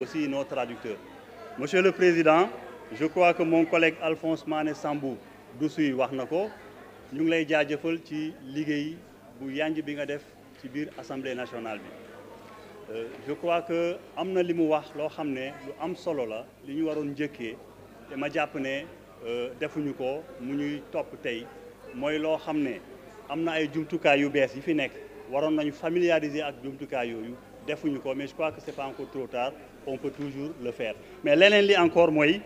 aussi nos traducteurs. Monsieur le Président, je crois que mon collègue Alphonse Mané Sambou Doussouy wax na ko ñu ngi lay jaajëfal ci liggéey bu yanj bi nga def ci biir Assemblée nationale bi euh, je crois que am na li mu wax loo xam ne lu am solo la li ñu waroon njëkkee te ma jàpp ne euh, defuñu ko mu ñuy topp tey mooy loo xam ne am na ay jumtukaay yu bees yi fi nekk waroon nañu familiariser ak jumtukaay yooyu defuñu ko mais je crois que c'est pas encore trop on peut toujours le faire mais leneen li encore mooy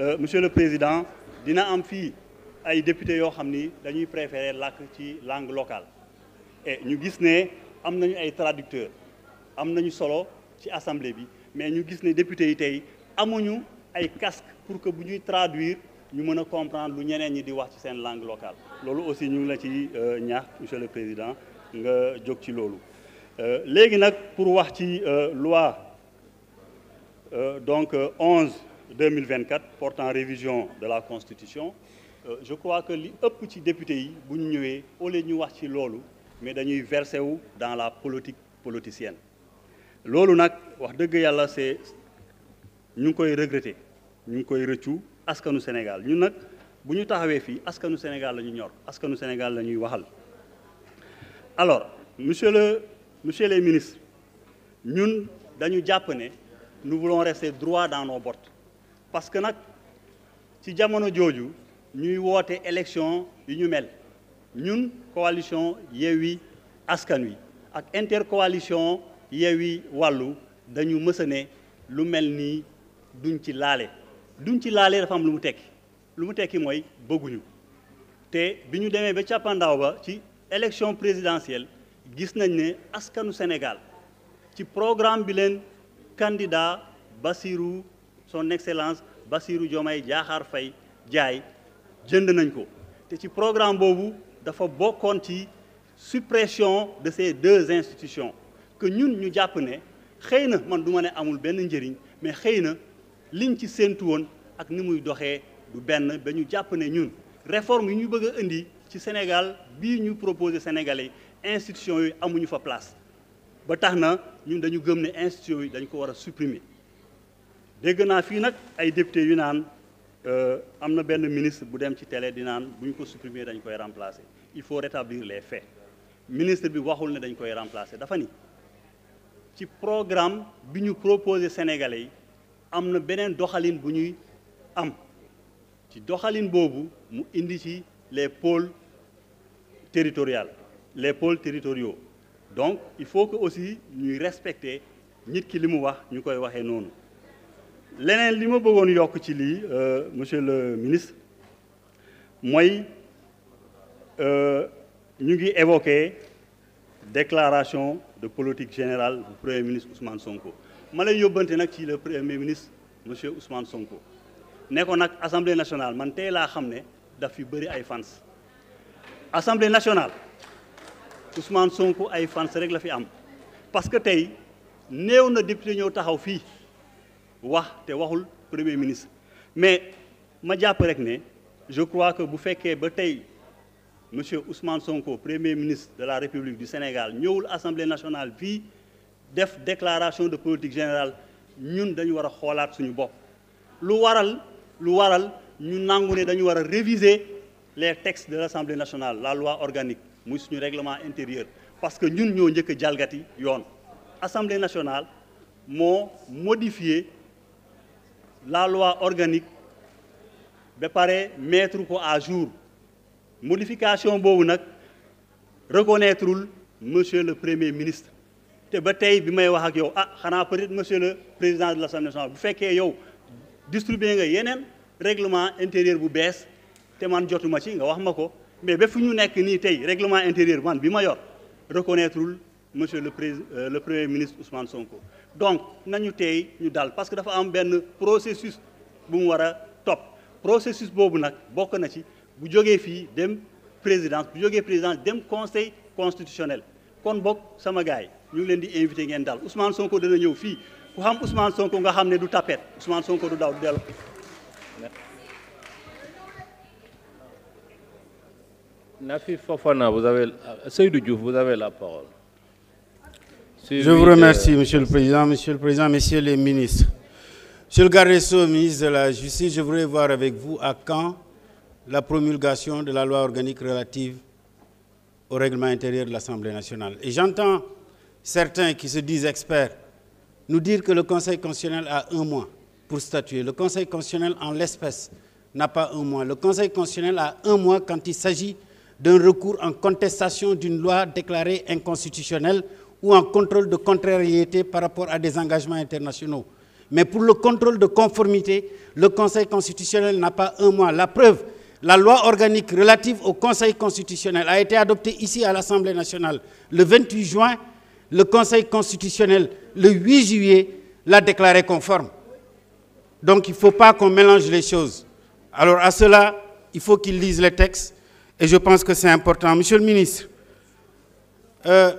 euh, monsieur le président dina am fii ay député yoo xam ni dañuy préférer làkk ci langue locale et ñu gis ne am nañu ay traducteurs am nañu solo ci assemblée bi mais ñu gis ne député yi tey amuñu ay casque pour que bu ñuy traduire ñu mën a comprendre lu ñeneen ñi di wax ci seen langue locale loolu aussi ñu ngi la ci euh, ñax monsieur le président nga jóg ci loolu euh, léegi nag pour wax ci loi Euh, donc 11 euh, 2024 portant révision de la constitution euh, je crois que li ëpp ci député yi bu ñu ñëwee au ñu wax ci loolu mais dañuy versé wu dans la politique politicienne loolu nag wax dëgg yàlla c'est ñu ngi koy regretter ñu ngi koy rëccu askanu Sénégal ñun nag bu ñu taxawee fii askanu Sénégal la ñu ñor askanu Sénégal la ñuy waxal alors monsieur le monsieur les ministres ñun dañu jàpp ne nous voulons rester droit dans nos bottes parce que nag ci jamono jooju ñuy woote élection yu ñu mel ñun coalition Yewwi Askan Wi ak intercoalition Yewwi Wàllu dañu mës a ne lu mel nii duñ ci laale duñ ci laale dafa am lu mu tekki lu mu tekki mooy bëgguñu te bi ñu demee ba càppandaaw ba ci élection présidentielle gis nañ ne askanu Sénégal ci programme bi leen candidat Bassirou son excellence Bassirou Diomaye jaaxaar fay jaay jënd nañ ko te ci programme boobu dafa bokkoon ci suppression de ces deux institutions que ñun ñu jàpp ne xëy na man du ma ne amul benn njëriñ mais xëy na liñ ci séentu woon ak ni muy doxee du benn ba ñu jàpp ne ñun réforme yi ñu bëgg a indi ci Sénégal bii ñu proposé Sénégalais institution yooyu amuñu fa place ba tax na ñun dañu gëm ne institution yi dañ ko war a supprimer dégg naa fii nag ay député yu naan euh, am na benn ministre bu dem ci télé di naan bu ñu ko supprimer dañ koy remplacer il faut rétablir les faits ministre bi waxul ne dañ koy remplacé dafa ni ci programme bi ñu proposé Sénégalais yi am na beneen doxalin bu ñuy am ci doxalin boobu mu indi ci les pôles territoriaux les pôles territoriaux donc il faut que aussi ñuy respecter nit ki li mu wax ñu koy waxee noonu leneen li ma bëggoon yokk ci lii euh, monsieur le ministre mooy euh, ñu ngi évoqué déclaration de politique général du premier ministre Ousmane Sonko ma lay yóbbante nag ci le premier ministre monsieur Ousmane Sonko ne nag assemblée nationale man tey laa xam ne daf fi bëri ay fans assemblée nationale Ousmane Sonko ay fans rek la fi am parce que tey néew na député ñëw taxaw fii wax te waxul premier ministre mais ma jàpp rek ne je crois que bu fekkee ba tey monsieur Ousmane Sonko premier ministre de la République du Sénégal ñëwul assemblée nationale fii def déclaration de politique générale ñun dañu war a xoolaat suñu bopp lu waral lu waral ñu nangu ne dañu war a réviser les textes de l'Assemblée nationale la loi organique muy suñu réglement intérieur parce que ñun ñoo njëkk a jalgati yoon assemblée nationale moo modifié la loi organique ba pare mettre ko à jour modification boobu nag reconnaîtrewul monsieur le premier ministre te ba tey bi may wax ak yow ah xanaa peut-être monsieur le président de l'Assemblée nationale bu fekkee yow distribué nga yeneen réglement intérieur bu bees te man jotuma ci nga wax ma ko mais ba fu ñu nekk nii tey règlement intérieur bi ma yor reconnaîtreul monsieur le prés euh, le premier ministre Ousmane Sonko donc nañu tey ñu dal parce que dafa am benn processus bu mu war a topp processus boobu nag bokk na ci bu jógee fii dem présidence bu jógee présidence dem conseil constitutionnel kon bokk sama gars yi ñu ngi leen di invité ngeen dal Ousmane Sonko dana ñëw fii ku xam Ousmane Sonko nga xam ne du tapet Ousmane Sonko du daw du dellu Nafi Fofana, vous avez, Seydou Diouf, vous avez la parole. Suivi Je vous euh, remercie, Monsieur le Président, Monsieur le Président, Messieurs les ministres. Monsieur le garde des Sceaux, ministre de la Justice, je voudrais voir avec vous à quand la promulgation de la loi organique relative au règlement intérieur de l'Assemblée nationale. Et j'entends certains qui se disent experts nous dire que le Conseil constitutionnel a un mois pour statuer. Le Conseil constitutionnel, en l'espèce, n'a pas un mois. Le Conseil constitutionnel a un mois quand il s'agit d'un recours en contestation d'une loi déclarée inconstitutionnelle ou en contrôle de contrariété par rapport des engagements internationaux. Mais pour le contrôle de conformité, le Conseil constitutionnel n'a mois. La preuve, la loi organique relative au Conseil constitutionnel a été adoptée ici à l'Assemblée nationale le juin. Le Conseil constitutionnel, le 8 juillet, l'a déclarée conforme. Donc il ne faut Alors à cela, il faut qu'ils Et je pense que c'est important. Monsieur le ministre, euh,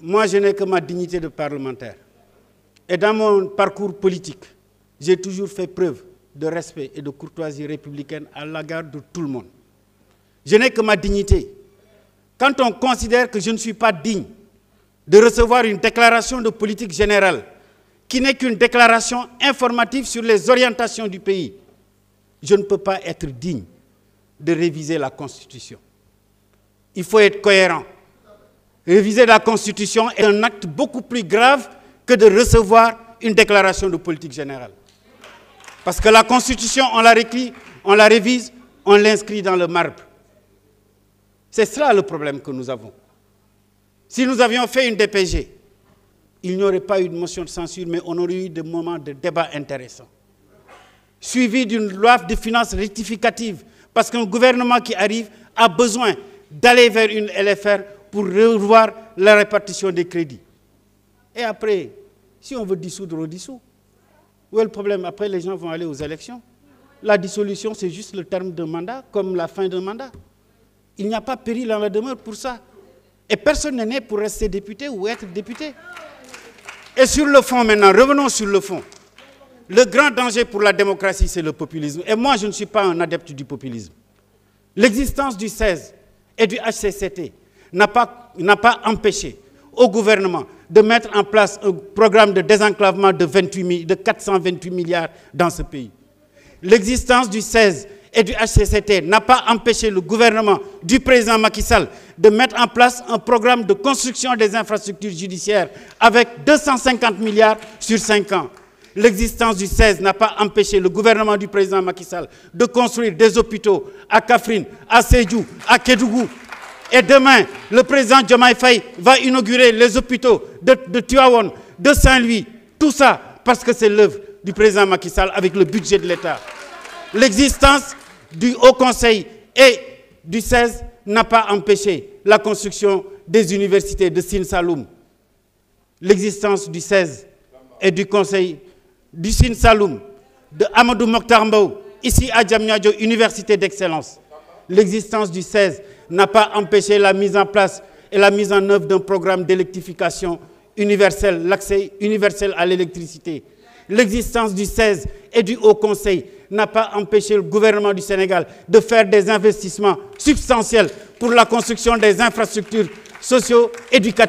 moi je n'ai que ma dignité de parlementaire. Et dans mon parcours politique, j'ai toujours fait preuve de respect et de courtoisie républicaine à l'égard de tout le monde. Je n'ai que ma dignité. Quand on considère que je ne suis pas digne de recevoir une déclaration de politique générale qui n'est qu'une déclaration informative sur les orientations du pays, je ne peux pas être digne de réviser la Constitution. Il faut être cohérent. Réviser la Constitution est un acte beaucoup plus grave que de recevoir une déclaration de politique générale. Parce que la Constitution, on la récrit, on la révise, on l'inscrit dans le marbre. C'est cela le problème que nous avons. Si nous avions fait une DPG, il n'y aurait pas eu de motion de censure, mais on aurait eu des moments de débat intéressants. Suivi d'une loi de finances rectificative Parce qu'un gouvernement qui arrive a besoin d'aller vers une LFR pour revoir la répartition des crédits. Et après, si on veut dissoudre, on dissout. Où le problème Après, les gens vont aller aux élections. La dissolution, c'est juste le terme d'un mandat, comme la fin de mandat. Il n'y a pas péril dans la demeure pour ça. Et personne n'est né pour rester député ou être député. Et sur le fond maintenant, revenons sur le fond. le grand danger pour la démocratie, c'est le populisme. Et moi, je ne suis pas un adepte du populisme. L'existence du 16 et du HCCT n'a pas, pas empêché au gouvernement de mettre en place un programme de de, 28 de 428 milliards dans ce pays. L'existence du 16 et du HCCT n'a pas empêché le gouvernement du président Macky Sall de mettre en place un programme de construction des infrastructures judiciaires avec 250 milliards sur 5 ans. l'existence du 16 n'a pas empêché le gouvernement du président Macky de construire des hôpitaux à Kafrine, à Sédhiou, à Kédougou. Et demain, le président Diomaye Faye va inaugurer les hôpitaux de, de de Saint-Louis. Tout ça parce que c'est l'œuvre du président Macky Sall avec le budget de l'État. L'existence du Haut Conseil et du 16 n'a pas empêché la construction des universités de Sinsaloum. L'existence du 16 et du Conseil du Sine Saloum, de Amadou Mokhtar Mbaw, ici à Diamniadio, université d'excellence. L'existence du 16 n'a pas empêché la mise en place et la mise en œuvre d'un programme d'électrification universelle, l'accès universel à l'électricité. L'existence du 16 et du Haut Conseil n'a pas empêché le gouvernement du Sénégal de faire des investissements substantiels pour la construction des infrastructures socio-éducatives.